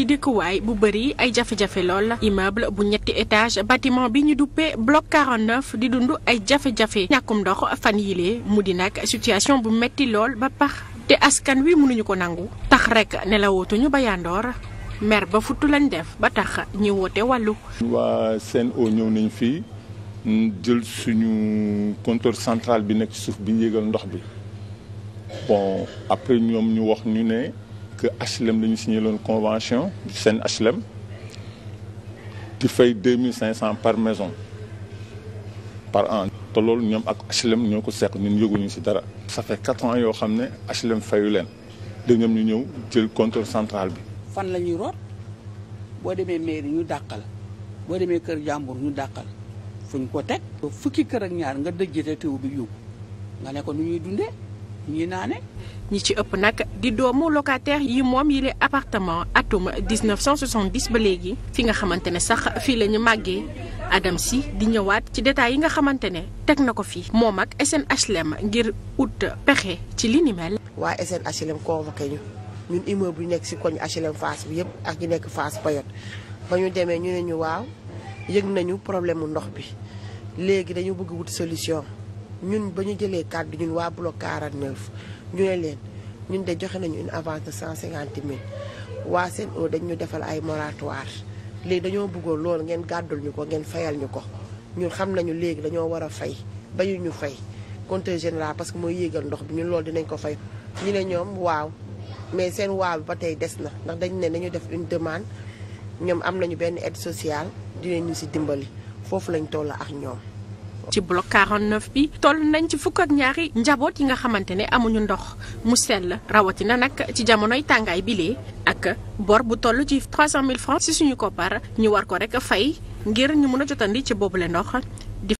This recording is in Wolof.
di dëkkuwaay bu bëri ay jafe-jafe lool immeuble bu ñetti étage bâtiment bi ñu duppee bloc 49 di dund ay jafe-jafe ñàkkum ndox fan yilee mu di nag situation bu metti lool ba pax te askan wi mënuñu ko nangu tax rek ne la wootuñu ba yandoor mer ba futu lañ def ba tax ñu woote wàllu waa o ñëw nañ fi jël suñu compteur centrale bi nekk suuf bi ñu yëgal ndox bi après ñoom ñu wax ñu ne que HLM la ñu signé loon convention seen HLM di fay deux mille cinq cent par maison par an. te loolu ñoom ak HLM ñoo ko seq ñun yëguñu si dara. ça fait quatre ans yoo xam ne HLM fayu leen da ñu ñëw jël contrôle central bi. fan la ñuy root boo demee mairie ñu dàqal boo demee kër jàmbur ñu dàqal fuñ ko teg. fukki kër ak ñaar nga dëjjate teew bi yóbbu nga ne nu ñuy dundee. ñi ne ñi ci ëpp nag di doomu locataire yi moom yi le appartement atum 1970 ba léegi fi nga xamante ne sax fii la ñu màggee Adam si di ñëwaat ci détails yi nga xamante ne teg na ko fii moom ak SNHLM ngir ut pexe ci li waa mel. waa SNHLM convoqué ñu ñun immeuble yu nekk si koñ HLM Fass bi yëpp ak ñu nekk fas Payotte ba ñu demee ñu ne ñu waaw yëg nañu problème mu ndox bi léegi dañu bëgg wut solution. ñun ba ñu jëlee kàddu ñun waa bloc 49 ñu ne leen ñun de joxe nañu une avance de cinquante 000 waa Sen'Eau dañ ñu defal ay moratoire léegi dañoo bëggoon loolu ngeen gàddul ñu ko ngeen fayal ñu ko ñun xam nañu léegi dañoo war a fay bañu ñu fay compteur général parce que mooy yéegal ndox bi ñun loolu dinañ ko fay. ñu ne ñoom waaw mais seen waaw ba tey des na ndax dañ ne nañu def une demande ñoom am nañu benn aide sociale dinañu si dimbali foofu lañ toll ak ñoom. ci bloc 49 bi toll nañ ci fukk ak ñaari njaboot yi nga xamante ne amuñu ndox mu sell rawatina nag ci jamonoy tàngaay bilee ak bor bu toll ci 300 mille francs ci suñu koppar ñu war ko rek fay ngir ñu mën a jotandi ci boobule ndox.